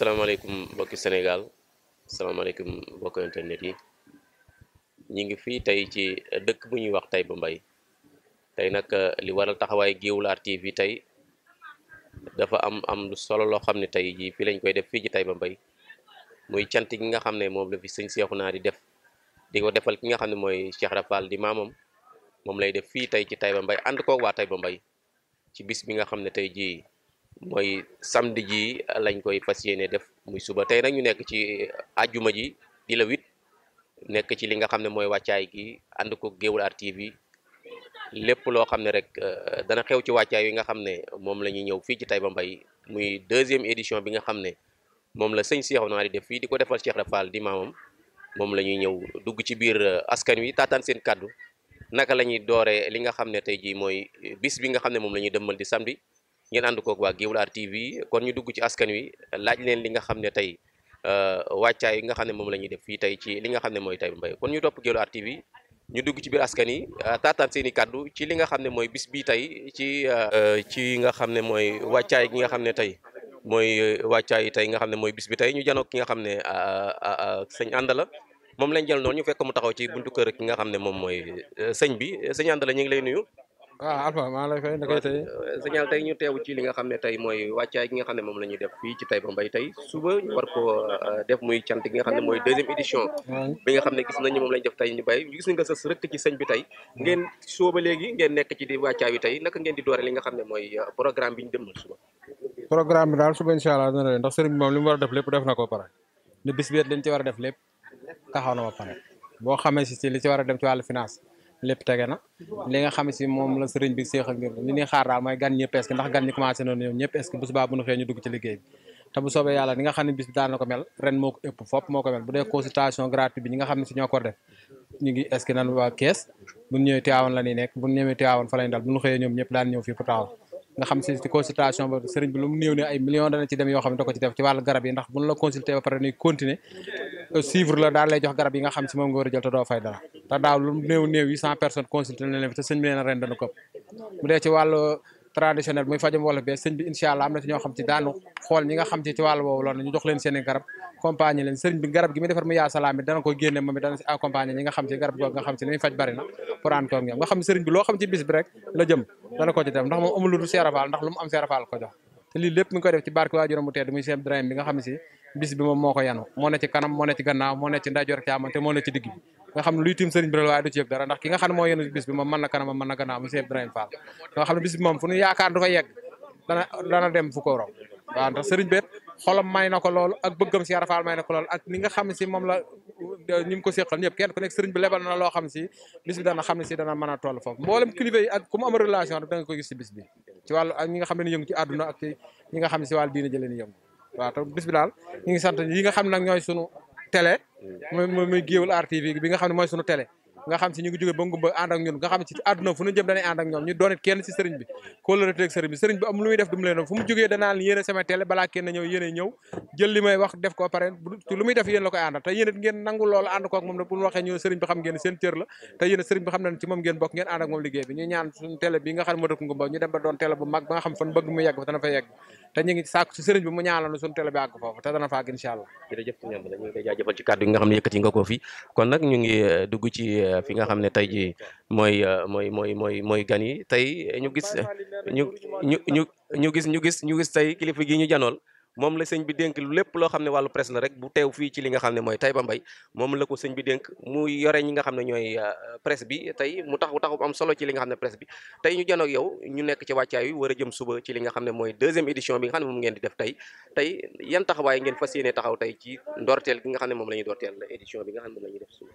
salaamaaleykum mbokki Sénégal salaamaaleykum mbokki internet yi ñu ngi fii tey ci dëkk bu ñuy wax Taïba mbay tey nag eh, li waral taxawaay Gueoulart TV tey dafa am am lu solo loo xam ne tey jii fii lañ koy def fii ci ba mbay muy cant gi nga xam ne moom la fi sëñ Seexuna di def di ko defal ki nga xam ne mooy Cheikh Rafal di maamam moom lay def fii tey ci Taïba mbay ànd koog waa Taïba Mbaye ci bis bi nga xam ne tey jii. mooy samedi ji lañ koy fas yéene def muy suba tey nag ñu nekk ci àjjuma ji di la huit nekk ci li nga xam ne mooy wàccaay gi ànd ko Gueoulart Art lépp loo xam ne rek euh, dana xew ci wàccaay yi nga xam ne moom la ñuy ñëw fii ci Taïba Mbaye muy deuxième édition bi nga xam ne moom la sëñ Cheikh Naar di def fii di ko defal Cheikh Rafal di maamam moom la ñuy ñëw dugg ci biir euh, askan wi taataan seen kàddu naka la ñuy dooree li nga xam ne tey jii mooy euh, bis bi nga xam ne moom la ñuy dëmmal di samedi ngeen ànd koog waa Gueoulart TV kon ñu dugg ci askan wi laaj leen li nga xam ne tey euh, wàccaay yi nga xam ne moom la ñuy def fii tey ci li nga xam ne mooy tey mbay kon ñu topp Gueoulart TV ñu dugg ci biir askan yi euh, taataan seen kàddu ci li nga xam ne mooy bis bii tey ci euh, ci nga xam ne mooy wàccaay gi nga xam ne tey mooy wàccaay tey nga xam ne mooy bis bi tey ñu janoog ki nga xam ne sëñ Andala moom lañ jël noonu ñu fekk mu taxaw ci buntu kër ki nga xam ne moom mooy sëñ bi sëñ Andala ñu ngi lay nuyu waaw ah, Alpha maa lay fay nakay tey signal tey ñu teew ci li nga xam ne tey mooy wàccaay gi nga xam ne moom la ñuy def fii ci Taïba Mbaye tey suba ñu war ko euh, def muy cant gi nga xam ne mooy deuxième édition bi nga xam ne gis nañu moom la def tey ñu bay gis nga sës rëkk bi tey ngeen sóoba léegi ngeen nekk ci di wàccaay yi tey naka ngeen di doore li nga xam ne mooy euh, programme bi ñu dem suba programme bi daal suba incha allah dina ndax sëriñ bi moom li war a def lépp def na ko pare ne bis bi ci war a def lépp taxaw na ba pare boo xamee si li ci war a dem ci wàllu finance lépp tege na li nga xam si moom la sëriñ bi séex ak ngir li ñuy xaar daal mooy gan ñëpp est-ce que ndax gan ñi commencé nañu ñoom ñëpp est-ce que bu subaa bu ñu xëyee ñu dugg ci liggéey bi te bu soobee yàlla ni nga xam ne bis bi na ko mel ren moo ko ëpp fopp moo ko mel bu dee consultation gratuite bi ñi nga xam ne si ñoo ko def ñu ngi est-ce kees bu ñu ñëwee Tiwaawan la nekk bu ñu ñëwee Tiwaawan fa lañ dal bu ñu xëyee ñoom ñëpp daan ñëw fii pour taxaw nga xam si consultation ba sëriñ bi lu mu néew ne ay millions dana ci dem yoo xam ne ci def ci wàllu garab yi ndax buñ la consulter ba pare nuy continuer suivre la daal lay jox garab yi nga xam si moom nga war a jël te doo fay dara te daaw lu mu néew néew 800 personnes consulter na leen fi te sëñ bi nee ren dana këpp mu dee ci wàllu traditionnel muy fajam wolof bee sëñ bi incha am na ci ñoo xam ci daanu xool ñi nga xam ci ci wàllu boobu loolu ñu jox leen seen i accompagner leen sëriñ bi nga xam si mu am seerafaal bi moom moo ko kanam moom mën na gannaaw mu seen drain nga xam ne bis bi moom fu ñu yaakaar du fa yegg dana dem fu ko raw waaw ndax sëriñ bi xolam may na ko lool ak bëggam si arafaal may na ko loolu ak ni nga xam si moom la ñi ngi ko séqal ñëpp kenn ku nekk sëriñ bi lebal na loo xam si bis bi dana a toll foofu nga xam ne yëngu ci àdduna ak nga xam ne si wàllu diina jëleen yëngu waaw te bis bi daal ñi nga xam nag ñooy sunu télé muy muy Gueoul bi nga xam ne mooy sunu télé nga xam ci ñu ngi joggé ba ngumba and ak ñun nga xam ci aduna fu ñu jëm dañuy and ak ñom ñu doonit kenn ci sëriñ bi ko kóolërate ak sëriñ bi sëriñ bi am lu muy def dum leen fu mu joggé dana leen yene sama télé bala kenn ñew yene ñew jël limay wax def ko paré ci lu muy def yene la koy and ta yene ngeen nangul lool and ko ak mom nag bu waxé ñu sëriñ bi xam ngeen seen cër la ta yene sëriñ bi xam nañ ci mom ngeen bok ngeen and ak mom liggéey bi ñu ñaan suñu télé bi nga xam mo dëkk ngumba ñu dem ba doon télé bu mag ba nga xam fan bëgg mu yegg fa dana fa yegg ta ñi ngi sàkku ci sëriñ bi mu ñaanal suñu télé bi ak fofu ta dana fa ak inshallah allah jërëjëf ñu ngi lay jaajëfal ci kaddu yi nga xam ne yëkëti nga ko fi kon nak ñu ngi eh, dugg ci eh, Euh, fi nga xam ne tey jii mooy euh, mooy mooy mooy mooy gan yi tey ñu gis ñu ñu ñu ñu gis ñu gis ñu gis tey kilifa gi ñu janool moom la sëñ bi dénk lépp loo xam ne wàllu presse la rek bu teew fii ci li nga xam ne mooy Taïba Mbaye moom la ko sëñ bi dénk mu yore ñi nga xam ne ñooy euh, presse bi tey mu tax taxu am solo ci li nga xam ne presse bi tey ñu janoog yow ñu nekk ci wàccaay wi war a jëm suba ci li nga xam ne mooy deuxième édition bi nga xam ne moom ngeen di def tey tey taxawaay ngeen fas yéene taxaw tey ci ndorteel gi nga xam ne moom ñuy dorteel édition bi nga xam ne moom la ñuy def suba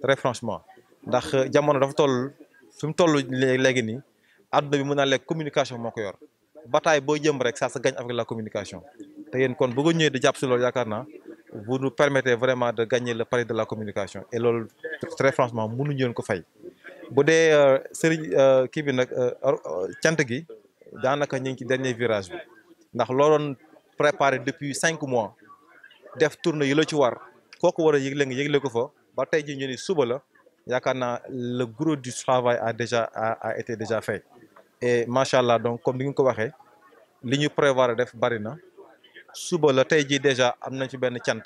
très franchement ndax jamono dafa toll fi toll léegi ni aduna bi mën lek communication moo yor bataille boo jëm rek ça se gagne avec la communication te yéen kon bu ko ñëwee di jàpp si loolu yaakaar vous nous permettez vraiment de gagner le pari de la communication et lool très franchement mënuñu leen ko fay. bu dee euh, sëriñ euh, kii bi nag tiant euh, gi danaka ñing ci dernier virage bi ndax loo préparé depuis 5 mois def tournée yi la ci war kooku war a yëgle nga yëgle ko fa ba tey ñu ni suba la yaakaar le gros du travail a déjà a a été déjà fait et Machallah, donc comme ni nga ko waxee li ñu prévoir def bari na suba la tey déjà am nañ ci benn cant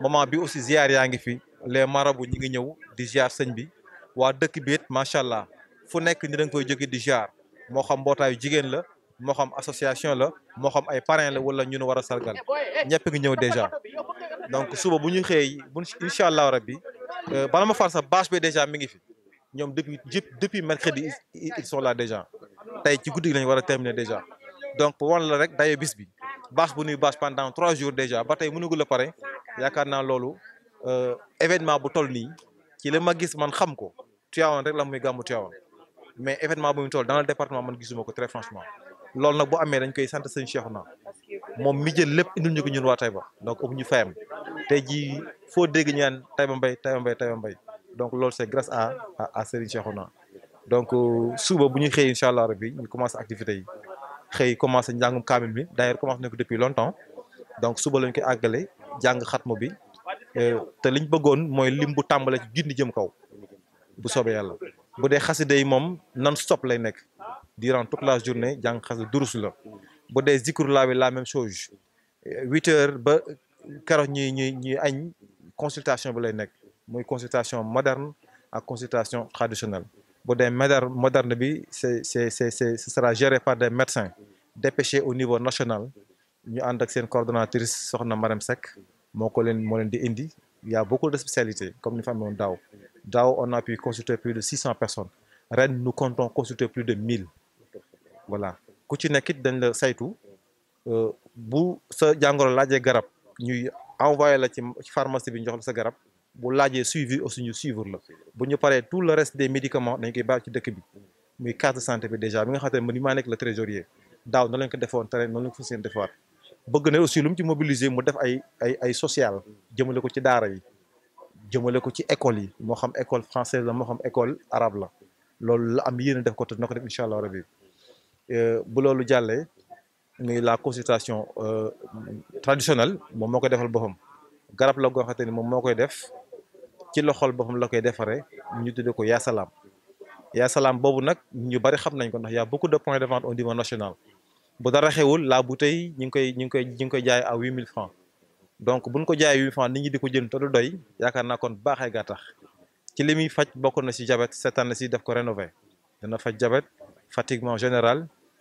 moment bi aussi ziar yaangi fi les marabout ñi ngi ñëw di ziar sëñ bi wa dëkk bi it macha fu nekk ni da nga koy jóge di ziar mo xam mbootaayu jigen la moo association la moo ay parrain la wala ñun wara sargal ñepp ngi ñew déjà donc suba buñu ñu xëyee bu incha allah rabbi euh, bala ma far sa bâche bi dèjà mi ngi fi ñom depuis depuis mercredi ils sont là déjà tay ci goudi lañ wara terminer déjà donc wan la rek dayo bis bi bâche bu nuy bâche pendant trois jours déjà ba mënu mënugul a pare yaakaar lolu euh événement bu toll ni ci le ma gis man xam ko Tivaouane rek la muy gamu Tivaouane mais événement bu ñu toll dans le département man gisuma ko très franchement loolu nag boo amee dañ koy sant sëñ Cheikhouna moom mi jël lépp indil ñu ko ñun waa Taïba donc amuñu fayam tey jii foo dégg ñaan naan Taïba Mbaye Taïba Mbaye mbay donc loolu c'est grâce a à Serigne naa donc euh, suba bu ñu xëy incha allah rabbi ñu commencé activité yi xëy commencé njàngum kaamil bi d'ailleurs commencé nañ ko depuis longtemps donc suba lañ koy àggale jàng xatma bi euh, te liñ bëggoon mooy lim bu tàmbale ci junni jëm kaw bu soobee yàlla bu dee xasida yi moom nan stop lay nekk. durant toute la journée Jang Khas durus la bu dee zikur la même chose 8 heures ba y a une consultation moderne, lay consultation moderne à consultation traditionnelle La des moderne ce sera géré par des médecins dépêchés au niveau national Nous avons ak coordonnateur coordonnatrice soxna Sec, mon indi il y a beaucoup de spécialités comme ni fa en Dao. DAO, on a pu consulter plus de 600 personnes Rennes, nous comptons consulter plus de 1000. voilà ku ci nekk it dañ la saytu euh, bu sa jàngoro laajee garab ñuy envoyé la ci pharmacie bi ñu jox la sa garab bu laajee suivi aussi ñu suivre la bu ñu paree tout le rest des médicaments dañ koy baax ci dëkk bi muy carte de santé bi déjà bi nga xam ne ni maa nekk la trésorier daaw noonu lañ ko defoon tere noonu lañ ko fas yéene defaat bëgg na aussi lu mu ci mobiliser mu def ay ay ay social jëmale ko ci daara yi jëmale ko ci école yi moo xam école française la moo xam école arabe la loolu la am yéen a def ko te dina ko Euh, bu la consultation euh, traditionnelle mom de defal bofam garap la def ci loxol bofam la koy defare ñu ko salam ñu bari xam nañ y a beaucoup de points de vente au niveau national bu dara la bouteille ñing koy ñing koy koy jaay à 8000 francs donc buñ ko jaay 8000 francs nit ñi di jënd doy yaakaar na kon ci limi fajj na ci jabet cette année daf ko dana jabet fatiguement général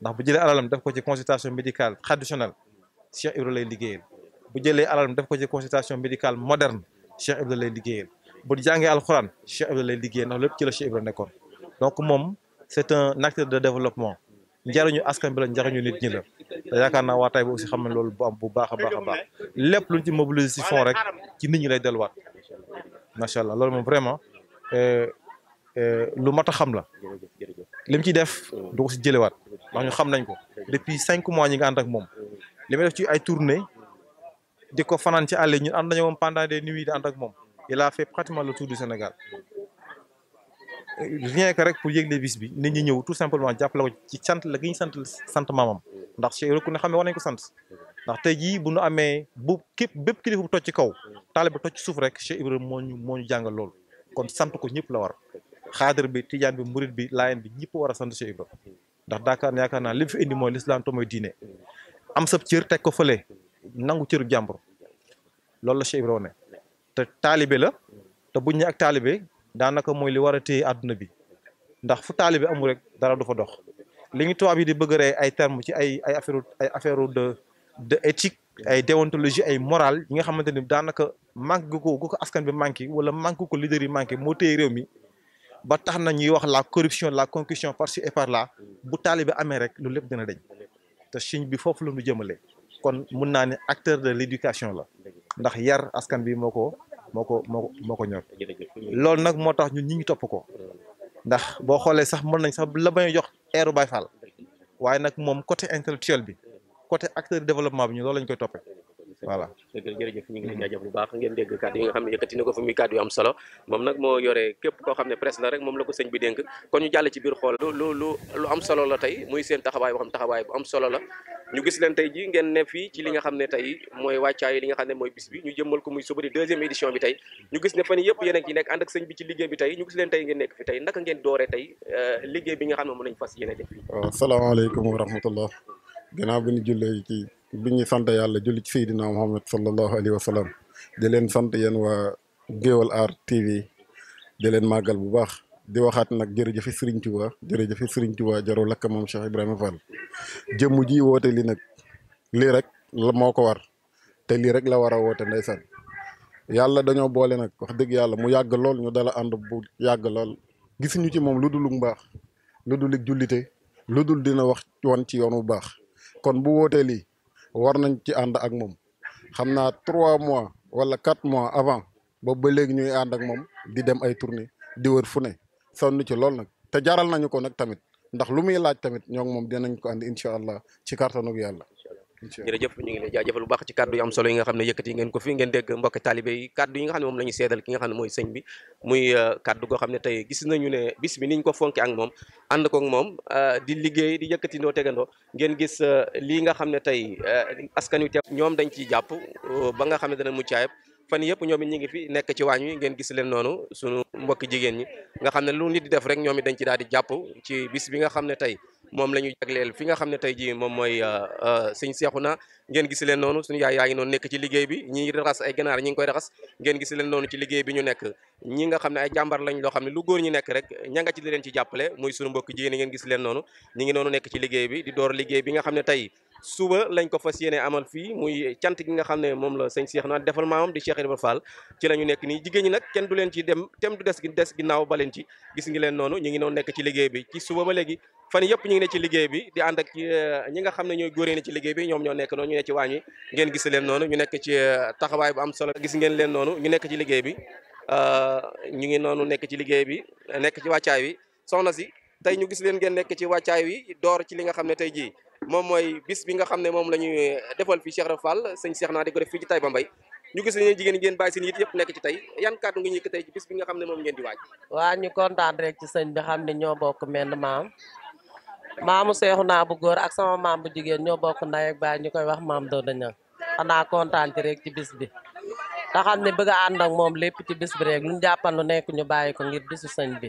ndax bu jëlee alalam def ko ci consultation médicale traditionnelle Cheikh Ibra lay liggéeyal bu jëlee alalam def ko ci consultation médicale moderne Cheikh Ibra lay liggéeyal bu jàngee alcorane Cheikh Ibra lay liggéeyal ndax lépp ci la Cheikh Ibra nekkoon donc mom c'est un acteur de développement njariñu askan bi la njariñu nit ñi la te yaakaar naa waa tay bi aussi xam ne loolu bu am bu baax a baax a baax lépp luñ ci mobiliser ci fond rek ci nit ñi lay delluwaat macha allah loolu moom vraiment euh, euh, lu mat a xam la lim ci def doo ci si wat wax ñu xam nañ ko depuis 5 mois ñi nga and ak mom li def ci ay tournée diko fanan ci àll ñu and nañ moom pendant des nuits di ànd ak mom il a fait pratiquement le tour du Sénégal rien que rek pour yegg yëgle bis bi nit ñi ñëw tout simplement jàppale ko ci sant la gi ñu sant sant maamam ndax Cheikh rek ku ne xam ne war nañ ko sant ndax tay ji bu ñu amé bu kep bépp kilifa bu toj ci kaw taalibe bu toj ci suuf rek Cheikh ibrahim moo ñu moo ñu jàngal lool kon sant ko ñëpp la war xaadir bi tijaan bi murit bi laayen bi ñëpp war a sant Cheikh Ibra ndax daakaar yaakaar naa li mu fi indi mooy lislaam to mooy diine am sab cër teg ko fële nangu cëru jàmbur loolu la Cheikh Ibra ne te taalibe la te buñ ne ak taalibe daanaka mooy li war a téye àdduna bi ndax fu taalibe amul rek dara du fa dox li ngi tubaab yi di bëgg ree ay terme ci ay ay affaire ay affaire de de éthique ay déontologie ay morale yi nga xamante ni daanaka manque gu ko gu ko askan bi manqué wala manque ko leader yi manqué moo téye réew mi ba tax na ñuy wax la corruption la concussion par ci et par là bu taalibe amee rek lu lépp dina deñ te Serigne bi foofu la ñu jëmale kon mun naa ne acteur de l'éducation la ndax yar askan bi moo ko moo ko moo moo ko ñor loolu nag moo tax ñun ñi ngi topp ko ndax boo xoolee sax mën nañ sax la may jox eeru Baye Fall waaye nag moom côté intellectuel bi côté acteur développement bi ñu lool lañ koy toppee voilà dëgg la ñu ngi leen mhm. jaajëf bu baax ngeen dégg kàddu yi nga xam ne yëkkati na ko fa muy kàddu yu am solo moom nag moo yore képp koo xam ne presse la rek moom la ko sëñ bi dénk kon ñu jàll ci biir xool lu lu lu am solo la tey muy seen taxawaay boo xam ne fii li nga xam ne tey mooy wàccaay li nga xam ne mooy bis bi ñu jëmmal ko muy suba di deuxième édition bi tey ñu gis ne fan yëpp yéen a ngi nekk ànd ak sëñ bi ci liggéey bi tey ñu gis leen tey ngeen nekk fi tey naka ngeen dooree tey euh, liggéey bi ne moom bi ñuy sant yàlla julli ci Seydina Muhammad sallallahu alayhi wa sallam di leen sant yéen waa Géwal Art TV di leen màggal bu baax di waxaat nag jërëjëf Serigne Touba jërëjëf Serigne Touba jaro lakk moom Cheikh Ibrahima Fall jëmm ji woote li nag lii rek la moo ko war te lii rek la war a woote ndeysaan yàlla dañoo boole nag wax dëgg yàlla mu yàgg lool ñu dala ànd bu yàgg lool gisuñu ci moom lu dul mbaax lu dul jullite lu dul dina wax woon ci yoon bu baax kon bu war nañ ci ànd ak moom xam naa trois mois wala quatre mois avant boobu ba léegi ñuy ànd ak moom di dem ay tournée di wër fu ne sonn ci lool nag te jaral nañu ko nag tamit ndax lu muy laaj tamit ñoo ngi moom dinañ ko ànd incha allah ci kàttanu ak yàlla jërëjëf ñu ngi lay jaajëfal bu baax ci kàddu yu am solo yi nga xam ne yëkkati ngeen ko fi ngeen dégg mbokk talibé yi kàddu yi nga xam ne moom la ñu seedal ki nga xam ne mooy sëñ bi muy euh, kàddu goo xam ne tey gis nañu ne bis bi niñ ko fonke ak moom ànd ko ak moom euh, di liggéey di yëkkatindoo tegandoo ngeen gis euh, lii nga xam ne tey askan wi teew ñoom dañ ci jàpp ba nga xam ne dana mucc ayib fan yëpp ñoom it ñu ngi fi nekk ci waañ wi ngeen gis leen noonu suñu mbokki jigéen ñi nga xam ne lu nit di def rek ñoom it dañ ci daal di jàpp ci bis bi nga xam ne tey moom la ñu jagleel fi nga xam ne tey ji moom mooy euh, euh, sëñ Seexuna ngeen gis leen noonu suñu yaay yaa ngi noonu nekk ci liggéey bi ñi raxas ay ganaar ñi ngi koy raxas ngeen gis leen noonu ci liggéey bi ñu nekk ñi nga xam ne rek nga ci di ci jàppale muy suñu mbokki jigéen yi ngeen gis leen noonu ñi ngi noonu nekk ci liggéey bi di door liggéey bi nga xam ne tey suba lañ ko fas yéene amal fii muy cant gi nga xam ne moom la sëñ Cheikh na defal maamam di Cheikh Ibrahima Fall ci la ñu nekk nii jigéen ñi nag kenn du leen ci dem tem du des gi des ginnaaw ba leen ci gis ngi leen noonu ñu ngi noonu nekk ci liggéey bi ci suba ba léegi fan yëpp ñu ngi ne ci liggéey bi di ànd ak eh, ñi nga xam ne ñooy góoree ne ci liggéey bi ñoom ñoo nekk noonu ñu ne ci waañ wi ngeen gis leen noonu ñu nekk ci eh, taxawaay bu am solo gis ngeen leen noonu ñu nekk ci liggéey bi euh, ñu ngi noonu nekk ci liggéey bi nekk ci wàccaay wi soxna si tey ñu gis leen ngeen nekk ci wàccaay wi door ci li nga xam ne tey jii mom moy bis bi nga xamne mom lañuy defal fi Cheikh Rafal seigne Cheikh na di def fi ci tay bambay ñu gis ne jigen ngeen bay seen yit yep nek ci tay yan kaddu nga ñuy tay ci bis bi nga xamne mom ngeen di waaj. wa ñu contane rek ci seigne bi xamne ño bok bokk maam maamu cheikh na bu goor ak sama maam bu jigen ño bok nday ak bay ñukoy wax maam do Niang xanaa contane ci rek ci bis bi da xamne ne bëgg a ak mom lepp ci bis bi rek ñu jappal lu nek ñu bàyyi ko ngir bisu seigne bi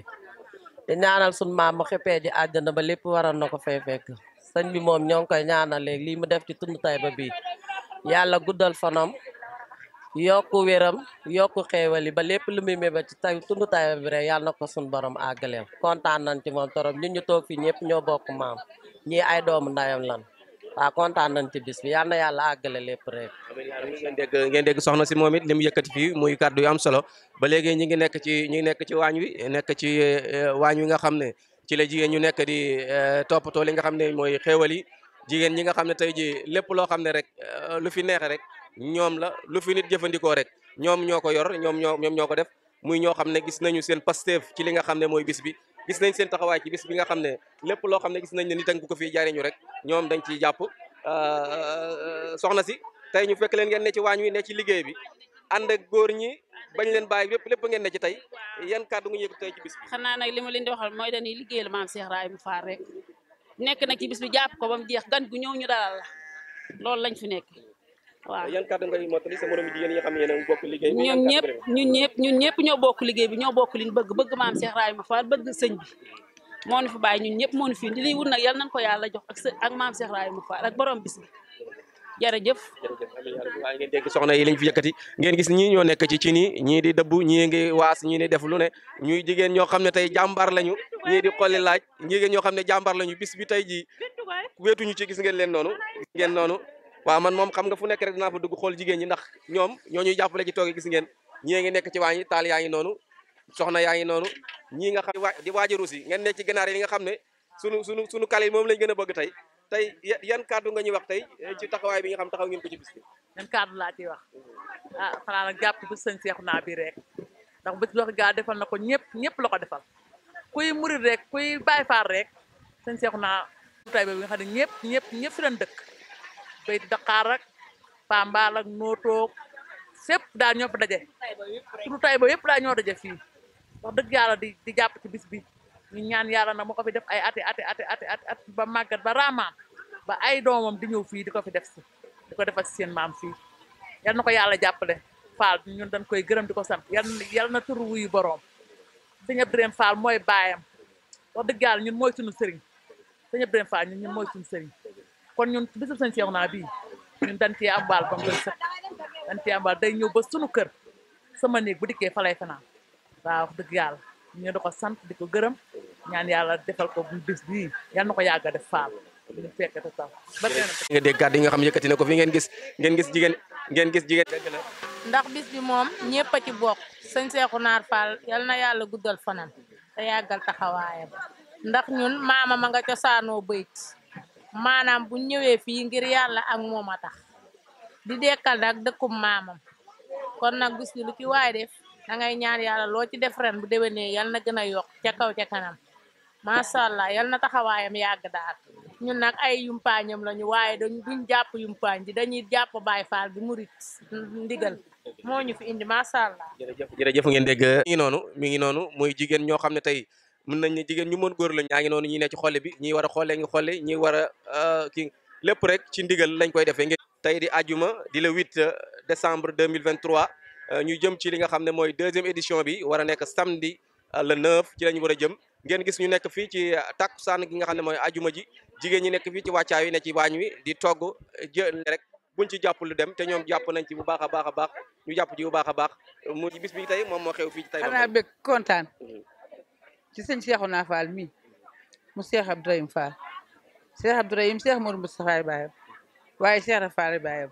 di ñaanal sun maam xépé ji àjjana ba lepp waral nako fay fekk sëñ bi moom ñoo ngi koy ñaanal léegi lii mu def ci tund ba bi yàlla guddal fanam yokku wéram yokku xéewal yi ba lépp lu muy méba ci tay tund Taïba bi rek yàlla na ko suñu borom àggaleel kontaan nañ ci moom torop ñun ñu toog fii ñëpp ñoo bokk maam ñi ay doomu ndayam lan waaw kontaan ci bis bi yal na yàlla àggale lépp rek. ngeen dégg ngeen dégg soxna si moom it li mu yëkkati fii muy kàddu yu am solo ba léegi ñi nekk ci ñi ngi nekk ci waañ wi nekk ci eh, eh, waañ wi nga xam ne ci la jigéen ñu nekk di euh, toppatoo li nga xam ne mooy xéewal yi jigéen ñi nga xam ne tey ji lépp loo xam ne rek euh, lu fi neexe rek ñoom la lu fi jëfandikoo rek ñoom ñoo ko yor ñoom ñoo ñoom ñoo ko def muy ñoo xam ne gis nañu seen pasteef ci li nga xam ne mooy bis bi gis nañ seen taxawaay ci bis bi nga xam ne lépp loo xam ne gis na ne nit a ngi ko fii jariñu rek ñoom dañ ciy jàpp euh, soxna si tey ñu fekk leen ngeen ne ci waañ wi ne ci liggéey bi ànd ak góor ñi bañ leen bàyyi lépp lépp ngeen ne ci tey yan kàddu nga yëg tey ci bis bi. xanaa nag li ma leen di waxal mooy leen liggéeyal maam Cheikh Rahim Fall nekk nag ci bis bi jàpp ko ba jeex gan gu ñëw ñu dalal la loolu lañ fi nekk waaw. yan kàddu ngay mottali sa morom jigéen ñi nga bokk liggéey bi. ñun ñëpp ñëpp ñun ñëpp ñoo bokk liggéey bi ñoo bokk liñ bëgg bëgg maam Cheikh Rahim Fall bëgg sëñ bi. moo nu fi baay ñun ñëpp moo nu fi li wut nag yal nañ ko yàlla jox ak ak maam Cheikh Rahim Fall ak borom bis bi jërëjëf jërëjëf waaye dégg soxna yi lañ fi yëkkati ngeen gis ñii ñoo nekk ci ci nii ñii di dëbb ñii ngi waas ñi di def lu ne ñuy jigéen ñoo xam ne tey jàmbar lañu ñii di xolli laaj jigéen ñoo xam ne jàmbar lañu bis bi tey jii wéetuñu ci gis ngeen leen noonu gis ngeen noonu waaw man moom xam nga fu nekk rek dinaa fa dugg xool jigéen ñi ndax ñoom ñoo ñuy jàppale ci toogee gis geen ñii ngi nekk ci waañ yi taal yaa ngi noonu soxna yaa ngi noonu ñii nga xam di waajaruus yi ngeen nekk ci ganaar yi nga xam ne sunu sunu sunu kale yi moom lañ gën a bëgg tey tey yan kàddu nga ñuy wax tey eh, ci taxawaay bi nga xam taxaw ngeen ko ci bis bi. yan kàddu laa ciy wax ah xanaa nag jàpp bu sëñ seexu naa bi rek ndax bés bu gaa defal na ko ñëpp ñëpp la defal kuy murid rek kuy Baay Faal rek sëñ seexu naa tay bi nga xam ne ñëpp ñëpp ñëpp fi leen dëkk bay Dakar ak Pambal ak Nootoog fépp daal ñoo fa daje. turu tay ba yëpp daal ñoo daje fii wax dëgg yàlla di di jàpp ci bis bi. ñu ñaan yalla na mu fi def ay ati ati ati ati ati at ba magat ba rama ba ay domam di ñew fi diko fi def ci diko def ak seen maam fi yalla nako yalla jappalé jàppale faal ñun dañ koy gëreem diko sant yalla yalla na turu wuyu borom seigne Abdourahim Fall moy bayam wax deug yalla ñun moy suñu sëriñ seigne Abdourahim Fall ñun ñun moy suñu sëriñ kon ñun seigne cheikh na bi ñun dañ ci am baal comme dañ dañ ci am day ñew ba suñu kër sama neeg bu diké falay fana waaw deug yalla ñu di ko sant di ko gërëm ñaan yàlla defal ko bu bis bii ya yal na ko yàgg a def faal ñu fekk te taw ba nga dégg kàddu yi nga xam yëkkati na fi ngeen gis ngeen gis jigéen ngeen gis jigéen ndax bis bi mom, ñëpp a ci bokk sëñ Seexu Naar Fall yal na yàlla guddal fanam te yàggal taxawaayam ndax ñun maama ma nga cosaanoo bayit maanaam bu ñëwee fii ngir yàlla ak moom tax di dekkal nag dëkkum maamam kon nag bis bi lu ci waay def dangay ngay ñaan yàlla loo ci def ren bu déwénee yal na gën a yokk ca kaw ca kanam macha allah yal na taxawaayam yàgg daal ñu nag ay yumpaañam lañu waaye dañ jàpp yumpaañ ji dañuy jàpp Baay Faal bi murit ndigal moo ñu fi indi macha allah. jërëjëf jërëjëf ngeen dégg. ngi noonu mi ngi noonu mooy jigéen ñoo xam ne tey mun nañ ne jigéen ñu mën góor lañu. ñaa ngi noonu ñi ne ci xolle bi ñi war a xolle ngi xolle ñi war a euh, kii lépp rek ci ndigal lañ koy defee. tey di ajuma di le 8 décembre 2023 Euh, ñu jëm ci li nga xam ne mooy deuxième édition bi war a nekk samedi euh, le 9 ci lañu war a jëm ngeen gis ñu nekk fii ci takk euh, takkusaan gi nga xam ne mooy ajuma ji jigéen ñi nekk fii ci wàccaay wi ne ci waañ wi di togg jël rek buñ ci jàpp lu dem te ñoom jàpp nañ ci bu baax a baax a baax ñu jàpp ci bu baax a baax mu bis bi tey moom moo xew fii ci tey xanaa bëgg kontaan mm-hmm. ci sëñ Cheikhouna Fall mii mu Cheikh Abdourahim Fall Cheikh Abdourahim Cheikh Modou Moustapha Baye waaye Cheikh Rafaal Baye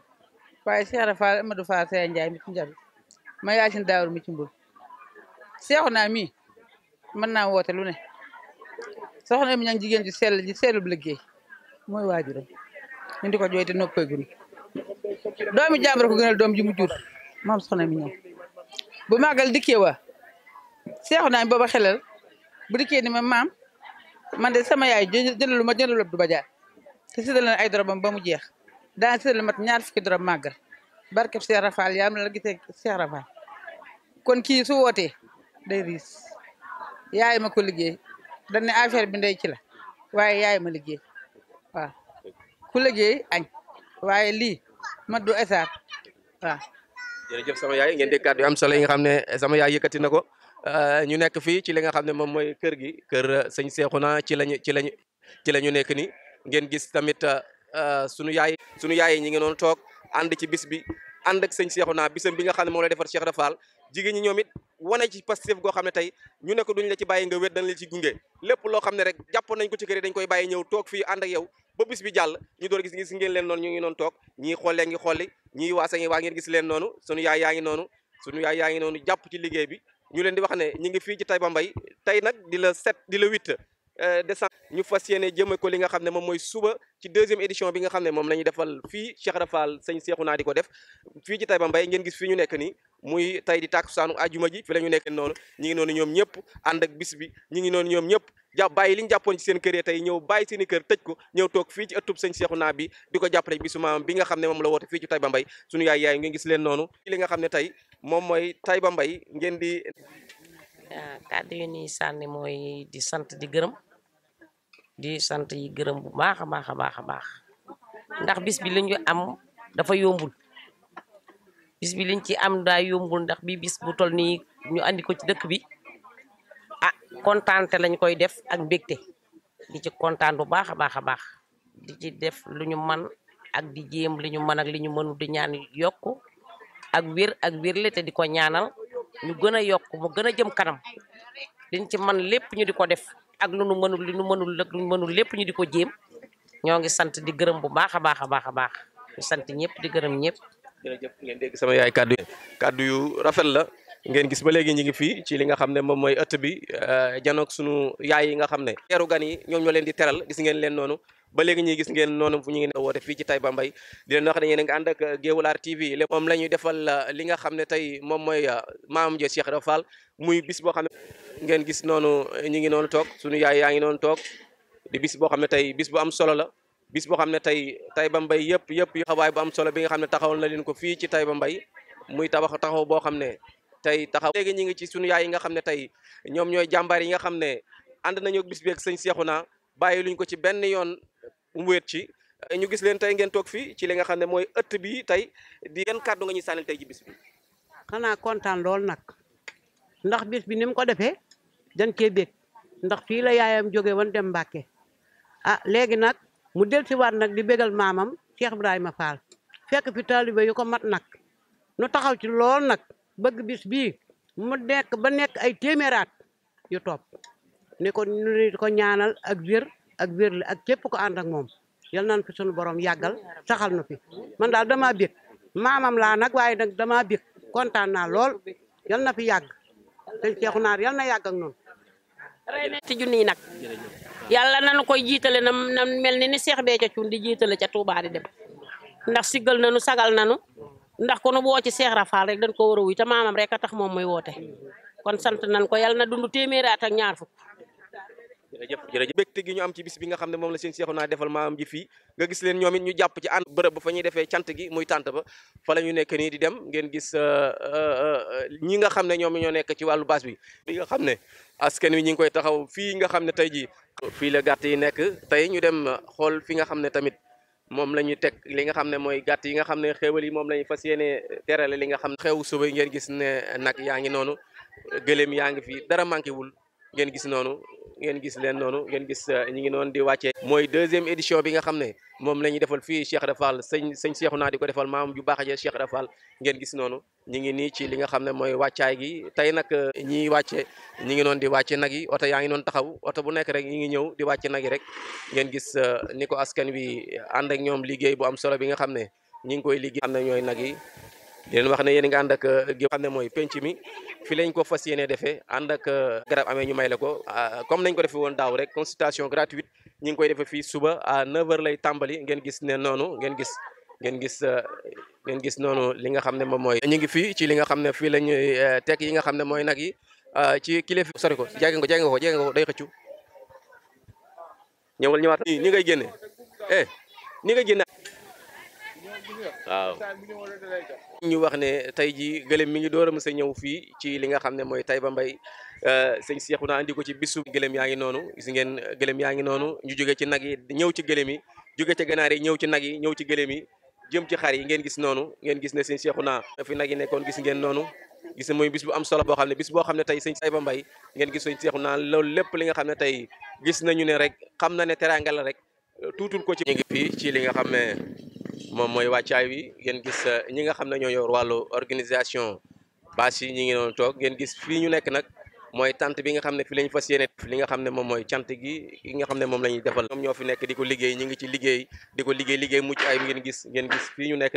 waaye Cheikh Rafaal Amadou Fall Seye Ndiaye mi ci njabi ma yaasin daawur mi ci mbul seexu naa mii mën naa woote lu ne soxna mi ñang jigéen ji sell ji bu liggéey mooy waajuram ñu di ko jooy te noppeeguñu doomi jàmbur ko gënal doom ji mu jur maam soxna mi ñang bu màggal dikkee wa seexu naa mi booba xelal bu dikkee ni ma maam man de sama yaay lu ma jëndalu du bajaar te séddale na ay dorobam ba mu jeex daan séddale mat ñaar fukki dorob màggal barkeb Cheikh Rafal yaa la gisee Cheikh Rafal kon kii su wootee day riis yaay ma ko liggéey dañ ne affaire bi ndey ci la waaye yaay ma liggéey waaw ku liggéey añ waaye lii mat du esaat waaw. jërëjëf sama yaay ngeen dégg kàddu yu yi nga xam ne sama yaay yëkkati na ko euh, ñu nekk fii ci li nga xam ne moom mooy kër gi kër sëñ Seexuna ci lañu ci lañu ci la ñu nekk ni ngeen gis tamit euh, sunu yaay sunu yaay ñi ngi noonu toog. ànd ci bis bi ànd ak sëñ Cheikhouna bisam bi nga xam ne moom lay defar Cheikh Rafal jigéen ñi ñoom it wane ci Pastef goo xam ne tey ñu ne duñ la ci bàyyi nga wéet dañ la ci gunge leen noonu ñu ngi noonu toog ñii xoolee ngi xooli ñii waasa ngi waa ngeen gis leen noonu sunu yaay yaay noonu jàpp ci liggéey bi ñu leen di wax ne ñu ngi fii ci Taïba Mbaye tey nag di la sept di la huit Euh, décembre ñu fas yéene jëme ko li nga xam ne moom mooy suba ci deuxième édition bi nga xam ne moom la ñuy defal fii Cheikh Rafal sëñ Cheikhouna di ko def fii ci Taïba Mbaye ngeen gis fii ñu nekk nii muy tey di tàkkusaanu ajuma ji fi la ñu nekk noonu ñi ngi noonu ñoom ñëpp ànd ak bis bi ñi ngi noonu ñoom ñëpp jàpp bàyyi li ñu jàppoon ci seen kër yi tey ñëw bàyyi seen i kër tëj ko ñëw toog fii ci ëttub sëñ Cheikhouna bi di ko jàppale bisu maam bi nga xam ne moom la woote fii ci Taïba Mbaye suñu yaay yaay ngeen gis leen noonu li nga xam ne tey moom mooy ba mbay ngeen di ah, kàddu yu ñuy sànni mooy di sant di gërëm di sant yi gërëm bu baax a baax a baax a baax ndax bis bi li ñu am dafa yombul bis bi liñ ci am daa yombul ndax bi bis bu toll nii ñu indi ko ci dëkk bi ah kontaante lañ koy def ak mbégte di ci kontaan bu baax a baax a baax di ci def lu ñu man ak di jéem li ñu mën ak li ñu mënu di ñaan yokk ak wér ak wérle te di ko ñaanal ñu gën a yokk mu gën a jëm kanam liñ ci man lépp ñu di ko def ak lu nu mënul mënul ak mënul lépp ñu di ko jéem ñoo ngi sant di gërëm bu baax a baax a baax a baax sant ñëpp di gërëm ñëpp. jërëjëf ngeen dégg sama yaay kàddu yi kàddu yu rafet la ngeen gis ba léegi ñu ngi fii ci li nga xam ne moom mooy ëtt bi euh, janoog sunu yaay yi nga xam ne teeru gan yi ñoom ñoo leen di teral gis ngeen leen noonu ba léegi ñuy gis ngeen noonu fu ñu ngi woote fii ci Taïba Mbaye di leen wax ne yéen a ngi ànd ak Gueoulart TV ñuy defal euh, li nga xam ne tey moom mooy euh, maam ja Cheikh Ibra Fall muy bis boo xam ne ngeen gis noonu ñu ngi noonu toog sunu yaay yaa ngi noonu toog di bis boo xam ne tey bis bu am solo la bis boo xam ne tey Taïba Mbaye yëpp yëpp xawaay bu am solo bi nga xam ne taxawal na leen ko fii ci ba mbay muy tabax taxaw boo xam ne tey taxaw léegi ñu ngi ci sunu yaay yi nga xam ne tey ñoom ñooy jàmbaar yi nga xam ne ànd nañu bis bi ak sëñ Seexuna bàyyi luñ ko ci benn yoon wéet ci ñu gis leen tey ngeen toog fii ci li nga xam ne mooy ëtt bi tey di ngeen kàddu nga ñuy sànnil tey ci bis bi xanaa kontaan lool nag ndax bis bi ni ko defee dañ cee bég ndax fii la yaayam jóge woon dem Mbàkke ah léegi nag mu del siwaat nag di bégal maamam Cheikh Ibrahima Fall fekk fi taalibe yu ko mat nag nu taxaw nag bëgg bis bi mu nekk ba nekk ay téeméeraat yu topp ni ko ni ko ñaanal ak wér ak wér la ak képp ko ànd ak moom yal nañ fi sunu borom yàggal saxal na fi man daal damaa bég maamam laa nag waaye nag damaa bég kontaan na lool yal na fi yàgg sëñ Seexu Naar yal na yàgg ak noonu. ci junni nag yàlla nañu koy jiitale na na mel ni ni Seex Béthio Thioune di jiitale ca Touba di dem ndax siggal nañu sagal nañu ndax kon woo ci Cheikh Rafaal rek dañ ko war a wuy te maamam rek a tax moom mooy woote kon sant nañ ko yàlla na dund téeméeri at ak ñaar fukk. jërëjëf jërëjëf gi ñu am ci bis bi nga xam ne moom la seen seexu naa defal maam ji fii nga gis leen ñoomit ñu jàpp ci ànd bërëb fa ñuy defee cant gi muy tànt ba fa la ñu nekk nii di dem ngeen gis euh, euh, ñi nga xam ne ñoom ñoo nekk ci wàllu baas bi bi nga xam ne askan wi ñi ngi koy taxaw fii nga xam ne tey ji fii la gàtt yi nekk tey ñu dem xool fi nga xam ne tamit moom la ñu teg li nga xam ne mooy gàtt yi nga xam ne xéwal yi moom la fas yéene terale li nga xam ne xew suba ngeen gis ne nag yaa ngi noonu gëléem yaa ngi fii dara manqué wul ngeen gis noonu ngeen gis leen noonu ngeen gis euh, ñi ngi noonu di wàccee mooy deuxième édition bi nga xam ne moom la ñuy defal fii Cheikh Rafal sëñ sëñ Cheikhu naa di ko defal maam ju baax ja Cheikh Rafal ngeen gis noonu ñi ngi nii ci li nga xam ne mooy wàccaay gi tey nag euh, ñiy wàcce ñi ngi noonu di wàcce nag yi oto yaa ngi noonu taxaw oto bu nekk rek ñi ngi ñëw di wàcce nag rek ngeen gis euh, ni ko askan wi ànd ak ñoom liggéey bu am solo bi nga xam ne ñi ngi koy liggéey am na ñooy nag yi di leen wax ne yéen a ngi ànd euh, xam ne mooy penc mi fi lañ ko fas yéene defee ànd ak euh, garab amee ñu may la ko euh, comme nañ ko defee woon daaw rek consultation gratuite ñi ngi koy defee fii suba à 9 lay tàmbali ngeen gis ne noonu ngeen gis ngeen gis ngeen gis noonu li nga xam ne moom mooy. ñu ngi fii ci li nga xam ne fii la ñuy teg yi nga xam ne mooy nag yi ci kilifa sori ko jege nga ko jege nga ko jege nga ko day xëccu ñëwal ñëwaat. nii nii ngay génne eh, waaw ñu wax ne tey ji gëléem mi ngi door a mës ñëw fii ci li nga xam ne mooy ba mbay euh, sëñ Seexu naa andi ko ci bisu gëléem yaa ngi noonu gis ngeen gëléem yaa ngi noonu ñu jóge ci nag yi ñëw ci gëléem yi jóge ci ganaar yi ñëw ci nag yi ñëw ci gëléem yi jëm ci xar yi ngeen gis noonu ngeen gis ne sëñ Seexu naa fi nag yi nekkoon gis ngeen noonu gis ne mooy bis bu am solo boo xam ne bis boo xam ne tey sëñ ba mbay ngeen gis sëñ Seexu naa loolu lépp li nga xam ne tey gis nañu ne rek xam na ne teraanga rek tuutul ko ci fii ci li nga xam ne moom mooy wàccaay wi ngeen euh, ñi nga xam ne ñoo yor wàllu organisation bâche yi ñi ngi toog ngeen gis fii ñu nekk nag mooy tant bi nga xam ne fi lañ fas yéene li nga xam ne moom mooy cant gi ki nga xam ne moom la ñuy defal ñoom ñoo fi nekk di ko liggéey ñi ngi ci liggéey di ko liggéey liggéey mucc ay ngeen gis ngeen gis ñu nekk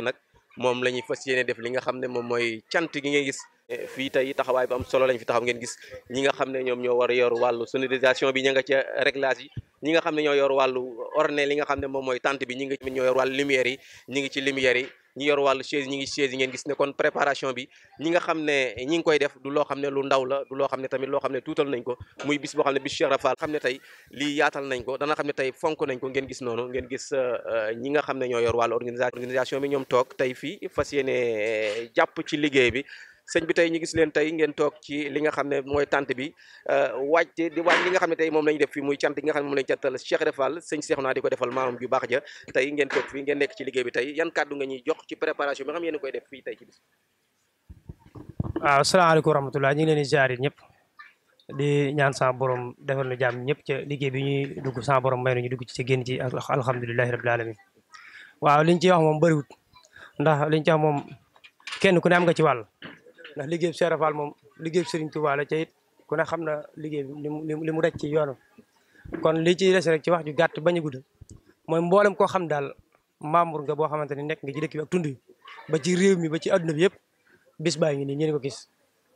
moom la ñuy fas def li nga xam ne moom mooy cant gi ngeen gis e, fii tey taxawaay bu solo lañ fi taxaw ngeen gis ñi nga xam ne ñoom ñoo war yor wàllu sonorisation bi ña nga ca réglage yi ñi nga xam ne ñoo yor wàllu orne li nga xam ne moom mooy tente bi ñi ngi ñoo yor wàllu lumière yi ñi yi ñi yor wàllu chaise ngi chaise yi ngeen gis ne kon préparation bi ñi nga xam ne ñi ngi koy def loo xam ne lu ndaw la loo xam ne tamit loo xam ne tuutal nañ ko muy bis boo xam ne bis Cheikh Rafal xam ne tey lii yaatal nañ ko dana xam ne tey fonk nañ ko ngeen gis noonu ngeen gis ñi nga xam ne ñoo yor wàllu organisation bi ñoom toog tey fii fas yéene jàpp ci liggéey bi señ bi tay ñu gis leen tay ngeen tok ci li nga xamne moy tante bi euh wacc di wacc li nga xamne tay mom moom lañu def fi muy tante nga xamne mom moom lañu cantal Cheikh Refal señ Cheikh na diko defal maam ju bax ja tay ngeen tok fi ngeen nek ci liggey bi tay yan kaddu nga ñi jox ci préparation bi nga xam yeen koy def fi tay ci bis waaw salaamaaleykum rahmatulah ñu ngi leen di ñep di ñaan sa borom defal nu jamm ñep ci liggey bi ñuy dugg sa borom may ñu dugg ci génn ci alhamdulilahi rabbil alamin waaw liñ ci wax mom bari wut ndax liñ ci wax mom kenn ku ne am nga ci wal ndax liggéey bi Cheikh Rafal moom liggéey bi Serigne Touba la ca it ku ne xam na liggéey bi li mu li mu daj ci yoonam kon li ci des rek ci wax ju gàtt bañ a gudd mooy mboolem koo xam daal membre nga boo xamante ne nekk nga ci dëkk bi ak tund yi ba ci réew mi ba ci adduna bi yëpp bis baay ngi nii ñu ko gis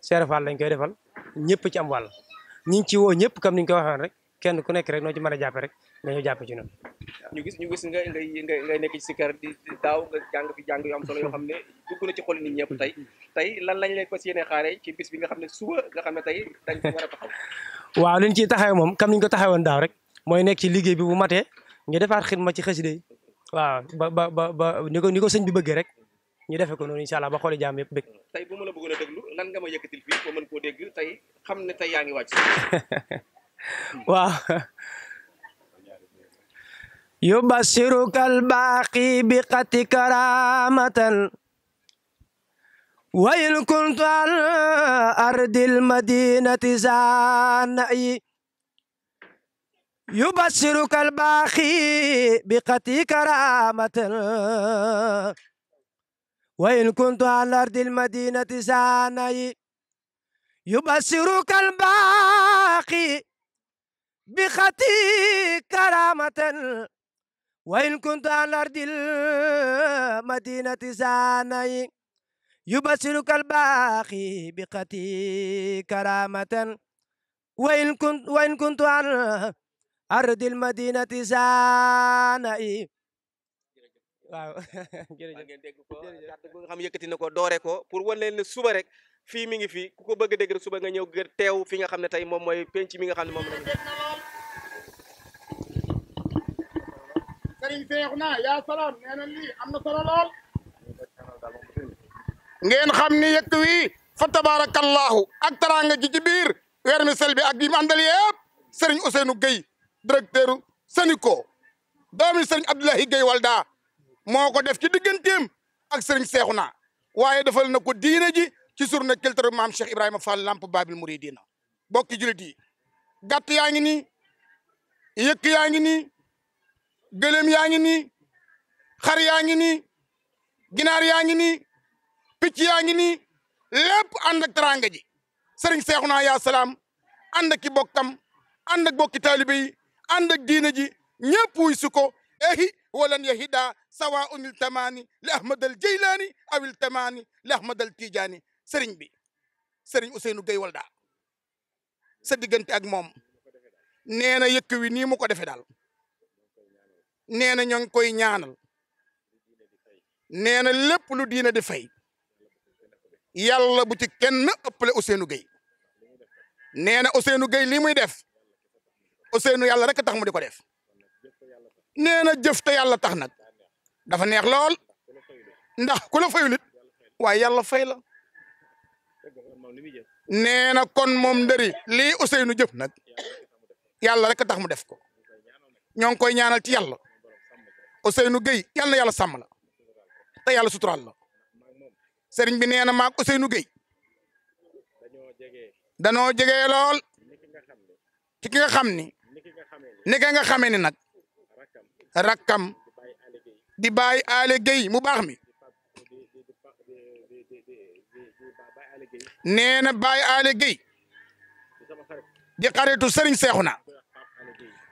Cheikh Rafal lañ koy defal ñëpp ci am wàll ñi ngi ci woo ñëpp comme ni ñu ko waxee rek kenn ku nekk rek noo ci mën a jàppe rek nañu jàpp ci ñun. ñu gis ñu gis nga ngay ngay ngay nekk ci si kar daaw nga jàng fi jàng yu am solo yoo xam ne dugg ñëpp tey lan lañ leen fas yéene xaare ci bis bi nga xam ne suba nga xam ne tey waaw liñ ciy taxawee moom comme ni ko taxawoon daaw rek mooy nekk ci liggéey bi bu matee ñu defaat xidma ci xasida yi waaw ba ba ba ba ko ni ko sëñ bi bëggee rek ñu defee ko noonu incha ba xooli jaam yëpp bëgg. tey bu ma la bëggoon a déglu lan nga ma yëkkatil fii ba mën koo dégg tey xam ne tey yaa ngi wàcc waaw يبشرك الباقي بقت كرامة وإن كنت على أرض المدينة زانئي يبشرك الباقي بقت كرامة وإن كنت على أرض المدينة زانئي يبشرك الباقي بخطي كرامة وإن كنت على أرض المدينة زاني يبصرك الباقي بقتي كرامة وإن كنت وإن كنت على أرض المدينة زاني waaw jërëjëf xam yëkkati na ko doore ko pour wan leen ne fi ku ko bëgg suba nga ñëw gër fi nga xam ne tey moom mooy nga xam ne sëriñ am ngeen xam ni yëkk wi fa tabaarakallaahu ak taraanga ji ci weer mi sel bi ak yi mu àndal yëpp sëriñ Ousseynou Gueye directeur Senico doomi sëriñ Abdoulahi Gueye Walda moo ko def ci digganteem ak sëriñ seexu naa waaye defal na ko diine ji ci journée culturelle maam Cheikh Ibrahima Fall Lamp Babil Mouridina bokki julit yi gàtt yaa ngi yëkk yaa ngi gëléem yaa ngi nii xar yaa ngi ni ginaar yaa ngi ni picc yaa ngi ni lépp ànd ak ji sëriñ Seexuna ya salaam ànd ak ki bokkam ànd ak bokki taalibe yi ànd diina ji ñëpp wuy su ko ehi walan yahida sawa unil tamaani li ahmadal jeylaani awil tamaani li ahmadal tijaani sëriñ bi sëriñ Ousseynou Gueye Walda sa diggante ak moom nee na yëkk wi nii mu ko defee daal nee na ñoo ngi koy ñaanal nee na lépp lu diina di fay yàlla bu ci kenn ëppale Ousseynou Gueye nee na Ousseynou Gueye lii muy def Ousseynou yàlla rek tax mu di ko def nee na jëf te yàlla tax nag dafa neex lool ndax ku la fayul waaye yàlla fay la nee na kon moom ndëri lii Ousseynou jëf nag yàlla rek tax mu def ko ñoo ngi koy ñaanal ci yàlla. Ousseynou Gueye yal na yàlla sàmm la te yàlla suturaal la sëriñ bi nee na maag Ousseynou Gueye danoo jege lool ci ki nga xam ni ni ki nga xamee ni nag rakkam di bàyyi aale Gueye mu baax mi nee na bàyyi aale di xaritu sëriñ Seexuna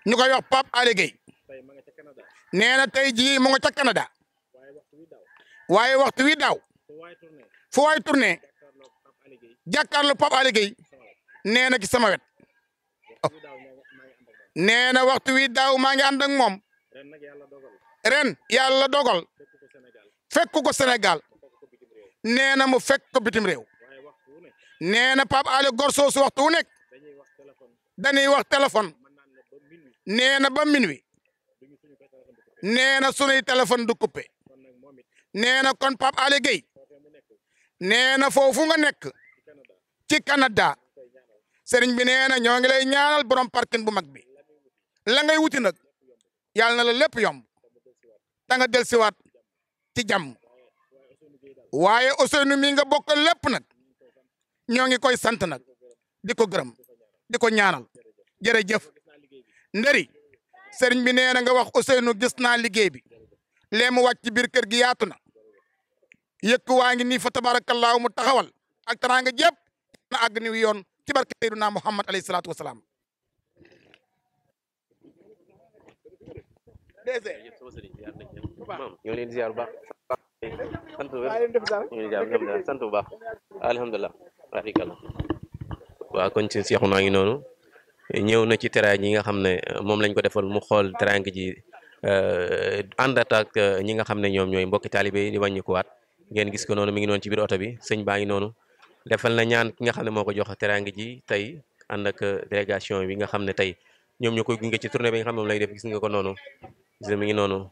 ñu koy wax Pape Aale Gueye nee na tey jii mu nga ca Canada waaye waxtu wi daaw fu waay tourné jàkkaarloo Pape Alé Gueye nee na ci sama wet nee na waxtu wi daaw maa ngi ànd ak moom ren yàlla dogal fekk ko senegal nee na mu fekk ko bitim réew nee na Pape Alé Gor soosu waxtu wu nekk dañuy wax téléphone nee na ba nee na sunuy téléphone du coupé nee na kon Pape Alé Gueye na foofu nga nekk ci Canada sëriñ bi nee na ñoo ngi lay ñaanal borom parking bu mag bi la ngay wuti nag yàlla la lépp yomb danga nga del siwaat ci jàmm waaye Ousseynou mi nga bokk lépp nag ñoo ngi koy sant nag di ko gërëm di ko ñaanal jërëjëf ndëri sëriñ bi nee nga wax Ousseynou gis naa liggéey bi lee mu wàcc ci biir kër gi yaatu na yëkk waa ngi nii fa mu taxawal ak teraanga jépp na ni yoon ci barke Seydina Muhammad alayhi salaatu wa bu baax sant ñëw na ci teraanga ñi nga xam ne euh, moom lañ ko defal mu xool teraanga ji euh, àndat ak euh, ñi nga xam ne ñoom ñooy mbokki taalibe yi di wàññikuwaat ngeen gis ko noonu mi ngi noonu ci biir oto bi sëñ baa ngi noonu defal na ñaan ki nga xam ne moo ko jox teraanga ji tey ànd ak délégation bi nga xam ne tey ñoom ñoo koy gunge ci tournée bi nga xam ne moom lay def gis nga ko noonu gis mi ngi noonu